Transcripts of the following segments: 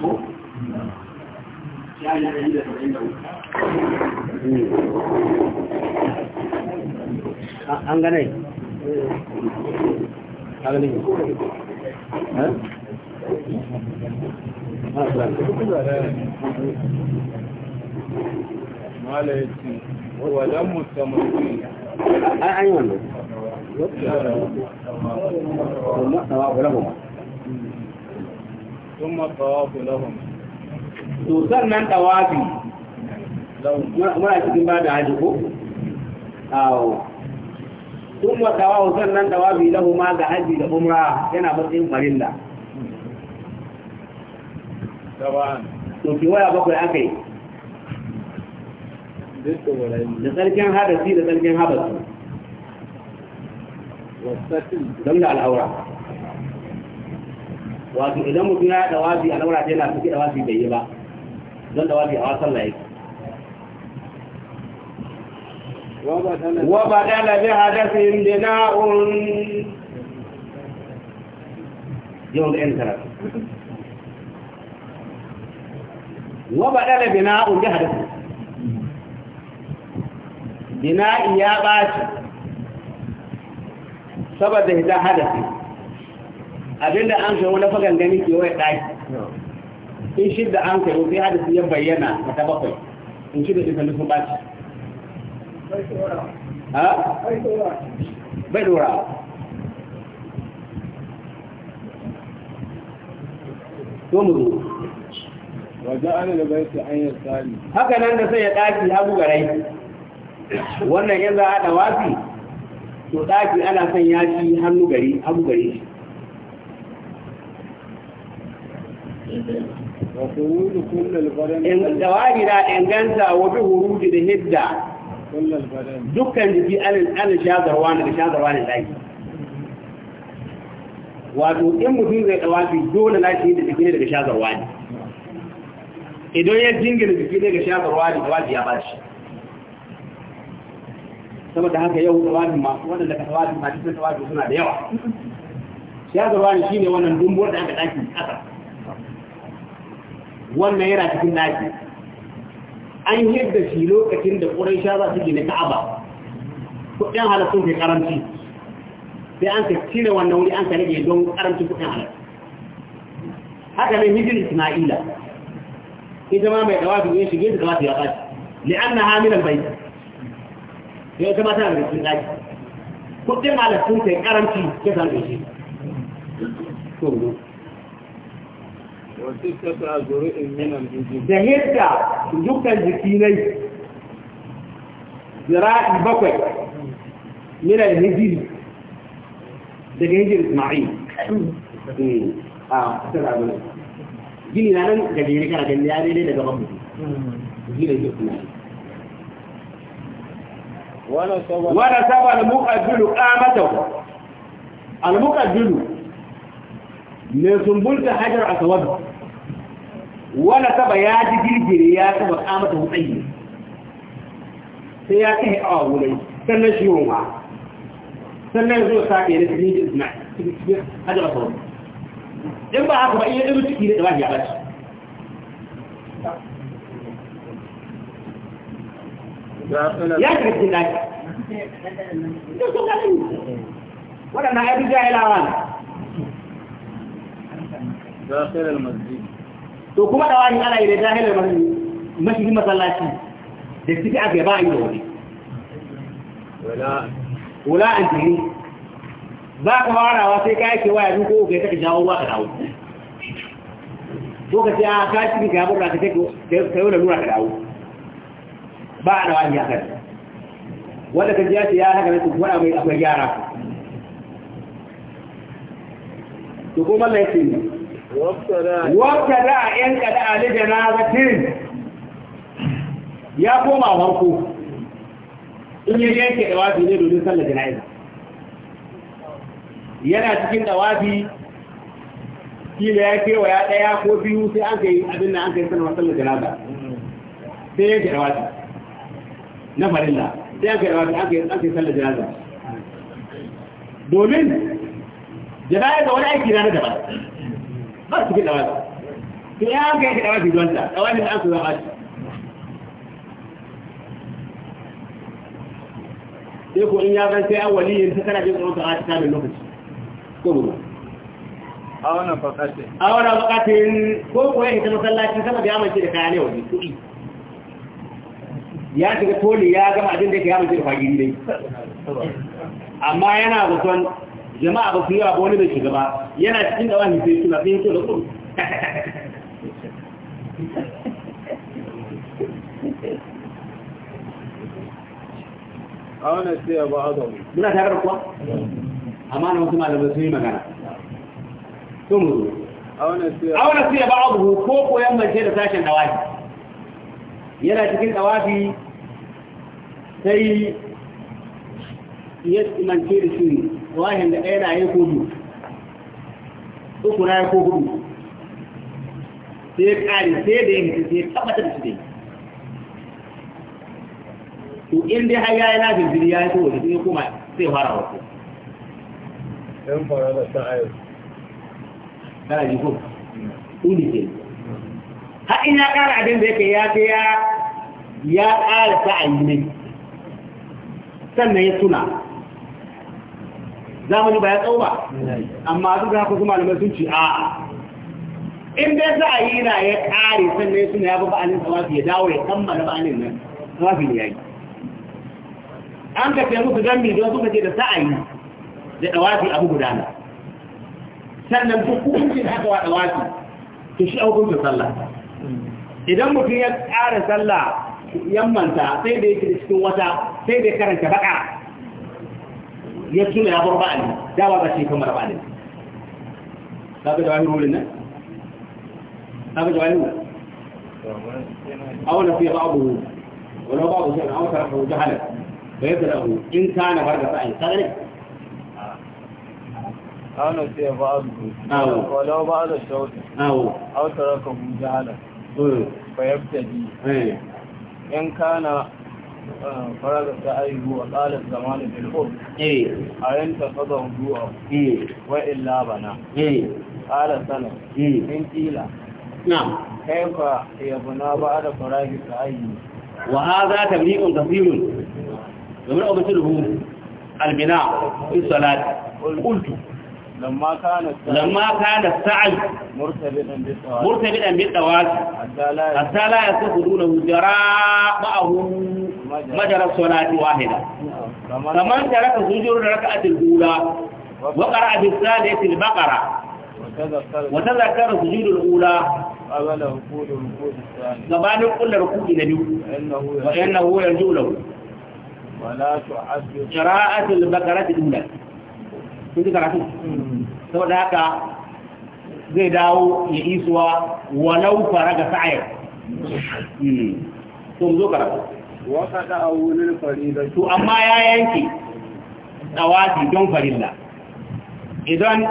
ko ya yi ɗari an ganai eh? an sun matsawafu lahun to sannan tawafi muna cikin ba da haji ko? awo sun matsawafu sannan tawafi lahun ma ga haji da umra yana matsayin farilla to kiwaya bakwai aka yi da tsarkin hadasi da tsarkin habasu don da al'aura wato idan mutum ya da wazi a laura ta yana suke da wazi bai yi ba don da wazi a wasan layi wa ba da labi hadasin na'un yau da yanzu tara wa ba da labi na'un da hadasin bina'i ya ɓaci saboda hidan hadasin abinda an kai wani fagan gani ke wai ɗaki in da an kai wani hadisi ya bayyana mata ta bakwai in shi da kalli sun baci bai dora to mu zo wajen da bai su an yi haka nan da sai ya ɗaki ya buga rai wannan yanzu a da wafi to ɗaki ana son ya ci hannu gari abu gari shi in dawari da inganta wa bi huruji da hidda dukkan jiki ana shazarwa na da shazarwa ne daki wato in mutum zai dawafi dole na shi da jiki ne daga shazarwa ne idan ya jingina jiki ne daga shazarwa ne dawafi ya ba shi saboda haka yau dawafi masu waɗanda ka dawafi masu dawafi suna da yawa shazarwa ne shi ne wannan dumbuwar da aka daki ƙasa. wannan yana cikin naji an hidda shi lokacin da sha za su gina ka'aba kuɗin halittun ke karanci sai an ka cire wannan wuri an ka rage don karanci kuɗin halittu haka ne hijir isma'ila ita ma mai dawafi ya shige su kamata ya ɓaci li'anna hamilan bai sai ita ma tana da cikin ɗaki kuɗin halittun ke karanci ke san ɗauke da hidda dukkan jikinai zira'i bakwai minal hijiri daga hijir ismail a kasar abu gini na nan da jere kana gani ya daidai daga babu gini hijir ismail wani saba al-muqaddilu qamatahu al-muqaddilu ne sumbulta hajar aswad wala saba ya ji jirgin ya saba kamata hutsayi sai ya kai awa wurai sannan shi yunwa sannan zo sa ke da cikin jin suna cikin hajjaba sauran in ba haka ba iya ɗin ciki da ɗabashi ya bashi. ya shiga cikin ɗaki waɗannan ya fi jahilawa ne داخل المسجد to kuma da wani ana yi da jahilar mashigin masallaci da suke a gaba yi da wani wula an tiri ba ka warawa sai ka yake waya duk ko kai ka jawo ba ka dawo ko ka ce a ka ci ga yabar ka take ka yau da nura ka dawo ba a da wani ya kai wanda ka ji ya ce ya haka ne mai akwai yara to ko mallaka ne da a yan kada ali janazatin ya koma farko in ya yanke da wafi ne domin sallar jana'iza yana cikin da dawafi kila ya kewa ya ɗaya ko biyu sai an kai abin da an kai sanarwar sallar jana'iza sai yanke da wafi na farilla sai an kai wafi an kai sallar jana'iza domin jana'iza wani aiki na daban ba su da dawafi to ya haka yake dawafi ruwanta dawafi da an su zama shi sai ko in ya zan sai an waliyin ta kana jin tsoron ka a cikin lokaci ko gudu a wannan fakatin a wannan fakatin ko ko yake ta masallaci sama da amince da kaya ne kuɗi ya shiga toli, ya gama abin da yake ya amince da fagiri dai amma yana zaton jama'a ba su yi ba wani bai shiga yana cikin da wani sai suna yi yanke da kuru a wannan sai ya ba a zaune muna tare da kuwa amma na wasu malamai sun yi magana sun mu a wani sai ya ba a buhu ko koyan mace da sashen dawafi yana cikin dawafi sai ya mance da shi wahin da ɗaya na ko biyu uku na ya ko hudu sai ya ƙari sai da ya hita sai ya tabbatar da shi dai to in dai har yayi na birbiri yayi ko wani sai kuma sai fara wasu ɗan fara da ta ayo kana ji ko uli ke har in ya ƙara abin da yake ya ce ya ya ƙara sa'ayi ne sannan ya tuna zamani ba ya tsawo ba amma duk haka kuma malamai sun ce a in dai za a yi na ya kare sannan suna ya bi ba'anin tsawafi ya dawo ya kammala ba'anin nan tsawafi ne ya yi an ka kai musu gami don suka ce da sa'ayi da tsawafi abu gudana sannan duk hukuncin haka wa tsawafi to shi hukuncin sallah idan mutum ya ƙara sallah yammanta sai da yake cikin wata sai da ya karanta baka يكيل يا بربا علي دعوة بسي كمرا بعلي هذا جواهي رول لنا هذا جواهي رول أولا في بعضه ولو بعضه شيئا أو سرحه جهلك فيبدأه إن كان فرق فعلي هذا ليه أنا في بعضه ولو بعض الشوط أو تركه جهلك فيبتدي إيه. إن كان فرغت أيه وقال الزمان بالخب أين تفضه جوعه وإلا بنا قال سنة إن قيل نعم كيف يبنى بعد فراغت أيه وهذا تبليغ كثير ومن أمثله البناء في الصلاة قلت لما كان لما كان السعي مرتبطا بالطواف حتى لا يصح دونه جراء معه majalar solati wahida kamar da raka sujuru da raka atil hula wa ƙara a da ya fi baƙara wata zakarar hula gabanin kula rukuki na biyu wa yan na huyar julawu shara atil baƙara ta dunar sun karatu sau da zai dawo ya isuwa walau fara ga sa'ayar waƙaɗa a wurin farida to amma ya yanke ɗawafi don farilla idan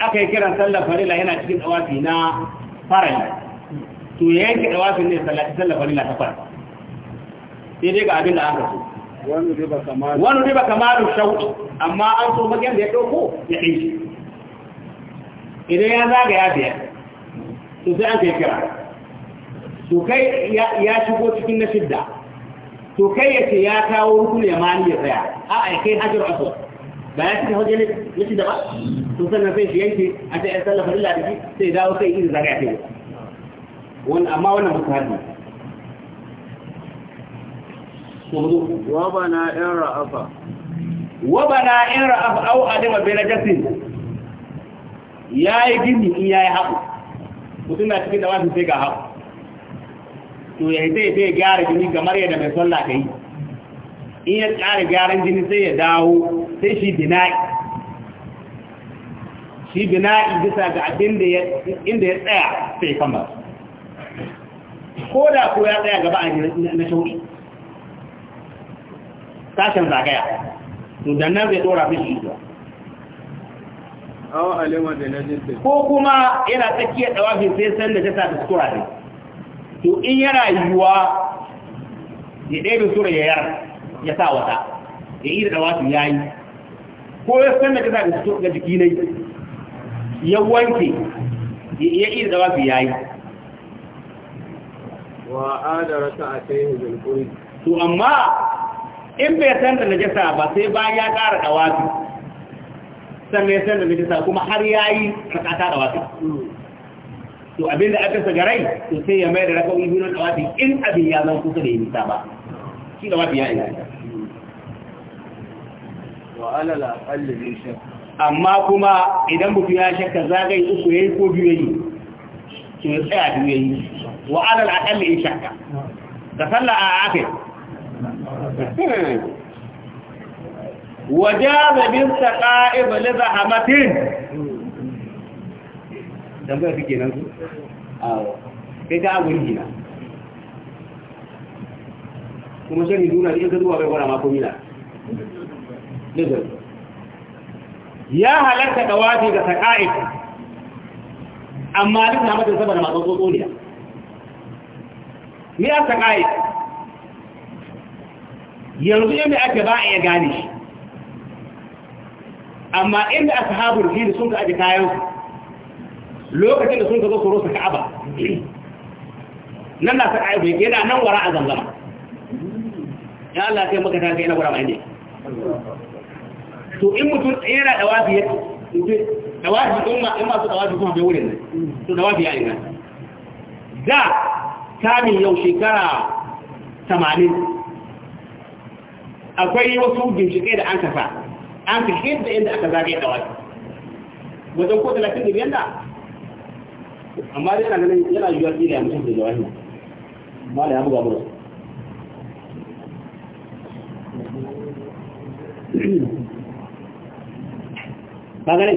aka yi kiran sallar farilla yana cikin ɗawafi na farali to ya yanke ɗawafin ne sallar farilla ta fara sai dai ga abin da aka so wani riba kamaru shauɗi amma an so magyan da ya ɗauko ya ɗin idan ya zaga ya biya to sai an kai kira to kai ya shigo cikin na shidda to kai ya ce ya kawo rukun ya mani ya tsaya a a kai hajar aso ba ya cikin hajjar na shidda ba to sannan sai shi yanke a ta yan sallafa lilla da shi sai dawo sai iri zaga ya Wani amma wannan mutu hajji wabana 'Yan ra'afa wabana 'Yan ra'afa au adama bai na jasin ya yi gini in ya yi haku mutum na cikin da wasu sai ga haku to ya ita zai ya gyara jini kamar yadda mai sallah ka yi in ya tsara gyaran jini sai ya dawo sai shi bina'i shi bina'i bisa ga abin da ya inda ya tsaya sai kamar ko da ko ya tsaya gaba a na shauri sashen zagaya to Da nan zai dora mishi zuwa. awa alima da najis ko kuma yana tsakiyar ɗawafin sai san da ta sa su kura to in yana yiwuwa ya ɗaya sura ya yar ya sa wata ya yi da dawatu ya yi ko ya san da kasa su ga jiki ne ya wanke ya yi da dawatu ya yi wa adara ta a kai hujjar to amma in bai san da najasa ba sai ba ya ƙara dawatu sannan ya san da najasa kuma har ya yi kakata dawatu to abin da aka saga rai to sai ya mai da raka biyu na tawafi in abin ya zan kusa da yi nisa ba shi da wafi ya inganta amma kuma idan mutum ya shakka zagaye uku ya yi ko biyu ya yi to ya tsaya biyu ya yi wa alal aƙalli in shakka da sallah a akai wajaza bin saqa'ib li zahamatin dan ba kike nan su awo abu rigina kuma amma duk na saboda masu tsotsoniya a yanzu yadda ake ba a iya gane shi amma inda ashabul fil sun ka aje kayansu lokacin da sun ka zo su rusa ka'aba nan na sa aiki yana nan wara a zanzama ya Allah sai maka ta kai na gura mai ne to in mutum yana da wafi ya da wafi in ma in ma su da wafi kuma bai wurin ne to da wafi ya ina da kamin yau shekara 80 akwai wasu bincike da an kasa an kashe da inda aka zagaye da wafi wajen ko 35 da amma dai na ganin yana yiwuwa kila ya mutum da jawahi amma da ya buga buga ka gane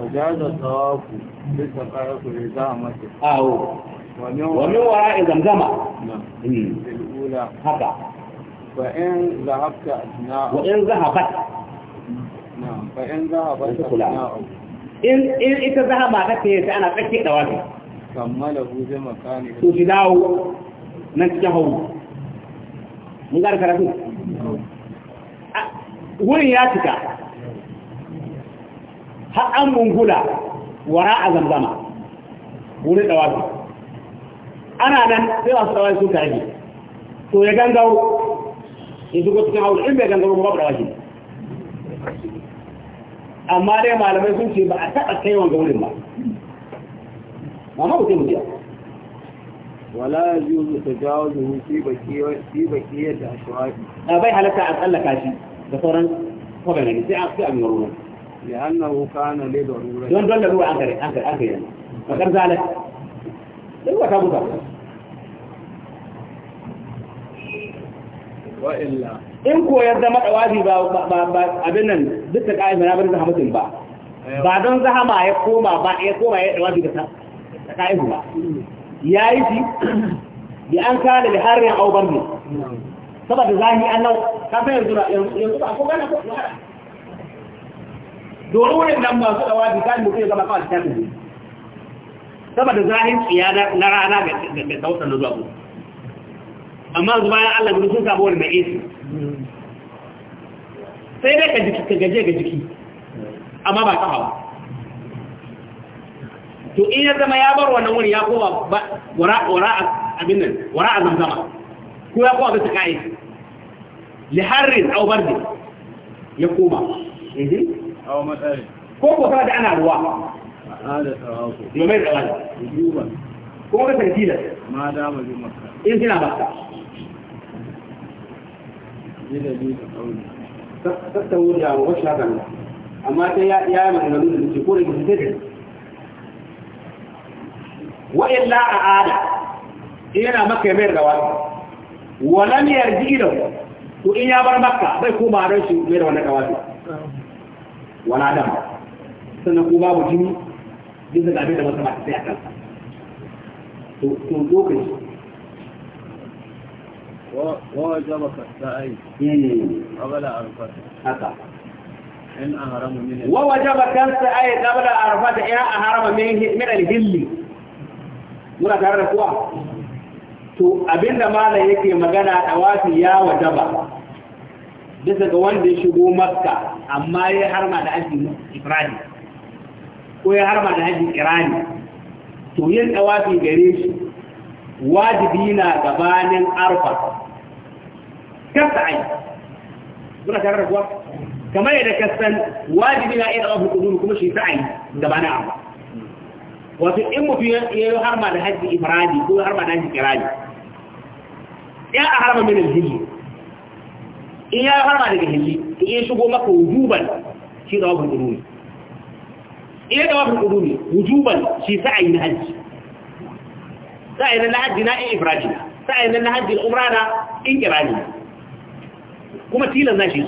wajaza tawafu bisa karaku ne za a mace awo wamin wara in zamzama haka wa'in zahabta na wa'in zahabat na wa'in zahabat na in ita zahaba ta ce sai ana tsakiyar da wasu kammala hujjar makani to shi dawo nan cikin hau mun gara karatu wurin ya cika har an bungula wara a zamzama wurin da wasu ana nan sai masu tsawai sun karfi to ya gangaro in zuwa cikin hau in bai gangaro ba ba da wasu amma dai malamai sun ce ba a taɓa kai wanga wurin ba amma ba sai mu biya wala yuzu tajawazu fi bakiyar fi bakiyar da ashwabi da bai halatta a tsallaka shi da sauran kwabanani sai a fi amina ruwan li'annahu kana li darura don don da ruwa an kare an kare an kare bakar zalat dai wata buka wa illa in ko ya zama dawafi ba abin nan duk da ka'in na barin zahamatin ba ba don zahama ya koma ba ya koma ya dawafi da ka'in ba ya yi shi bi an kana da harin auban ne saboda zahi an nau kafin yanzu yanzu ba ko gana ko hada domin wurin nan masu dawafi kan mutum ya zama kawai ta tafi saboda zahin tsiya na rana ga sautar da zuwa amma zuwa ya Allah gudu sun samu wani mai isi sai dai ka jiki ka gaje ga jiki amma ba ka ba to in ya zama ya bar wannan wuri ya koma wara wara abin wara a zamzama ko ya koma bisa kai li harrin aw bardi ya koma eh aw matsari ko ko kada ana ruwa ada ko mai tsawo ko ka tantila ma da mu makka in kina makka sassan wuta wa wasu hakan amma sai ya yi maganganu da suke ko da gisi sai da a ada yana maka ya mayar da wani walam yarji idan to in ya bar maka bai koma don shi mai da wannan kawai wala dam sannan ko babu jini bisa ga abin da masu masu sai a kansa to to lokaci ووجب كالسعي قبل عرفة haka in aharamu min wa wajaba kansa ay qabla arfata in aharama min min al-hilli muna tare da kuwa to abinda mala yake magana dawafi ya wajaba bisa ga wanda ya shigo makka amma ya harma da aji ifrani ko ya harma da aji irani to yin dawafi gare shi wajibi na gabanin arfa kasa ai muna tare da kuwa kamar yadda kasan wajibi na iya ɗaukar kudu kuma shi sa'ai gabanin arfa wato in mutum ya yi harma da hajji ifradi ko harma da hajji kirani ya a harma min alhilli in ya harma daga hilli in ya shigo maka wujuban shi da wafin kudu ne in ya da wafin kudu ne wujuban shi sa'ai na hajji sa'ai na lahadi na in ifradi na sa'ai na lahadi umra na in kirani kuma tilan na shi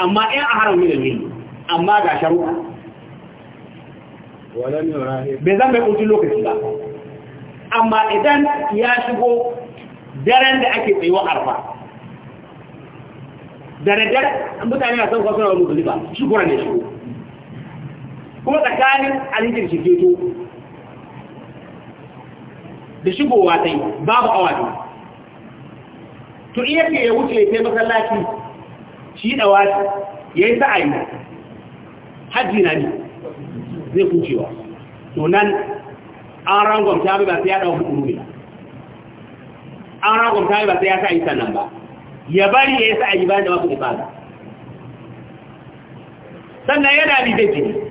amma in a haram min al amma ga sharuɗa bai zan bai kuntun lokaci ba amma idan ya shigo daren da ake tsayuwa dare da daddare mutane na son kwasuwa shi shigura ne shigo kuma tsakanin alhijir shi keto da shigowa yi babu awa biyu to iya ke ya wuce sai masallaci shi wasu ya yi sa'ayi hajji na ne zai kucewa to nan an rangon ta ba sai ya dawo hukuru ne an rangon ta ba sai ya sa'ayi sannan ba ya bari ya yi sa'ayi bayan da ba ku ibada sannan yana bi zai jini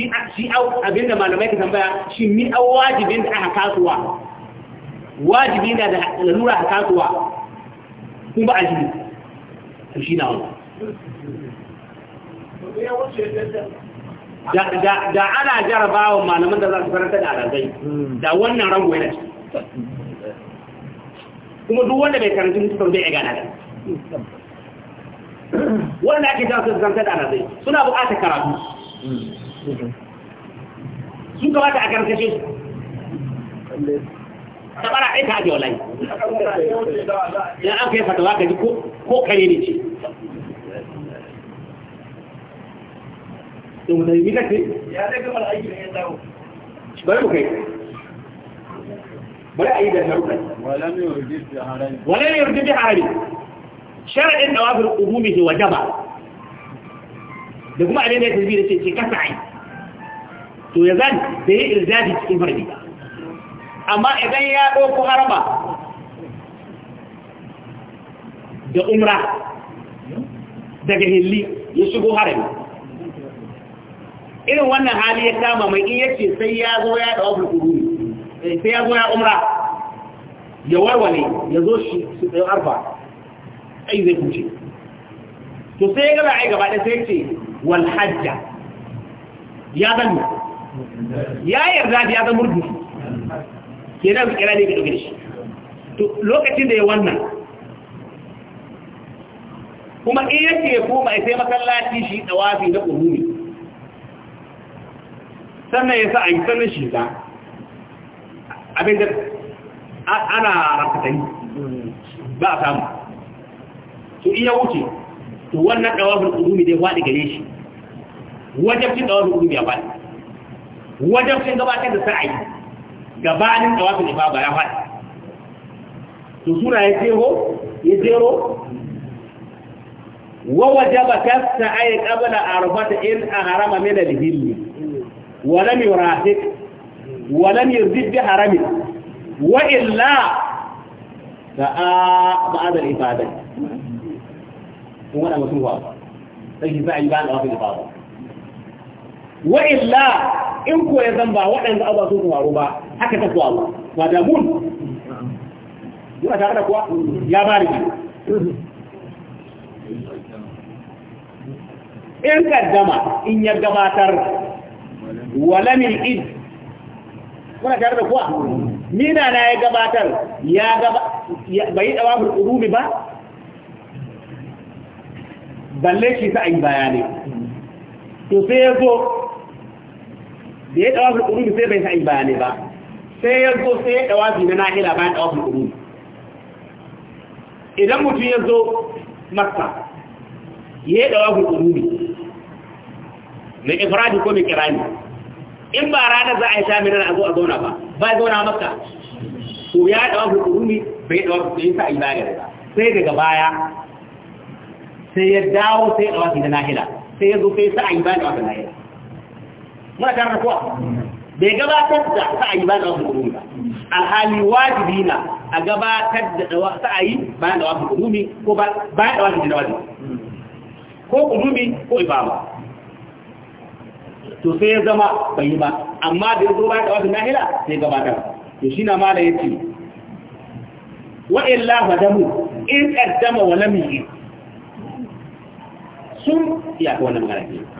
shi shi abin da malamai ka tambaya shi mi au wajibin da aka kasuwa wajibi na da lalura aka kasuwa kun ba a jini to shi na wani da ana jarabawa malaman da za su karanta da alazai da wannan rango yana ci kuma duk wanda bai karanta mutu zai ya gana da wanda ake jawo su da alazai suna bukatar karatu su sun kamata a karkashe su ta tabara ɗaya ta ajiye wallahi idan an kai fatawa ka ji ko kare ne ce to da yi kake ya daga mara aiki da ya dawo bari mu kai bari a yi da sharuɗa wala ne yurdi bi harami sharaɗin da wafin umumihi wa jaba da kuma abin da ya tasbi da ce ce kasa ai to ya zan da ya irjaji cikin harbi amma idan ya ɗauku harba da umra daga hilli ya shigo harbi irin wannan hali ya kama mai iya ce sai ya zo ya ɗawa bulkuru eh, sai ya zo ya umra ya warware ya zo shi su tsaye arfa ai zai kuce to sai ya gaba ai gaba ɗaya sai ce wal hajja ya zanna ya yarda da ya zama ke kenan kira ne ga dogare shi to lokacin da ya wannan kuma in yake ya koma sai masallaci shi ɗawafi na umumi sannan ya sa a yi sannan shi ta abin da ana rafatan ba a samu to iya wuce to wannan dawafin umumi dai waɗi gare shi cin dawafin umumi ya faɗi wajen sun gabatar da sa'ayi gabanin tawafin ifada ya faɗi to suna ya zero ya zero wa wajaba tasa'ayi qabla arbata in ahrama min al-hill wa lam yurafiq wa lam yurzid bi harami wa illa sa'a ba'da al-ifada kuma da mutum ba sai shi sa'ayi ba'da al-ifada wa illa in ko ya zamba waɗanda abuwa sun faru ba haka ta kuwa ba ba da mun yana tare da kuwa ya ba rigi in kaddama in ya gabatar walamin id kuna tare da kuwa nina na ya gabatar ya gaba bai yi dawa ba balle shi ta ayi bayanai to sai ya zo da ya dawafi kurubi sai bai sa'i bayanai ba sai ya zo sai ya dawafi na na'ila bayan dawafi kurubi idan mutum ya zo makka ya dawafi kurubi mai ifradi ko mai kirani in ba ranar za a yi shamina nan a zo a zauna ba ba ya zauna makka ko ya dawafi kurubi bai dawafi sa'i bayanai ba sai daga baya sai ya dawo sai dawafi na nahila sai ya zo sai sa'ayi bayan ba muna tare da kowa bai gabatar da sa'ayi na dawafin kurumi ba alhali wajibi na a gabatar da sa'ayi bayan dawafin kurumi ko ba bayan jina jinawaji ko kurumi ko ibama to sai ya zama bai yi ba amma da ya zo bayan dawafin nahila sai gabatar to shi na mala ya ce wa'illa fadamu in ƙaddama wa lamiji sun iya ta wannan ƙarfi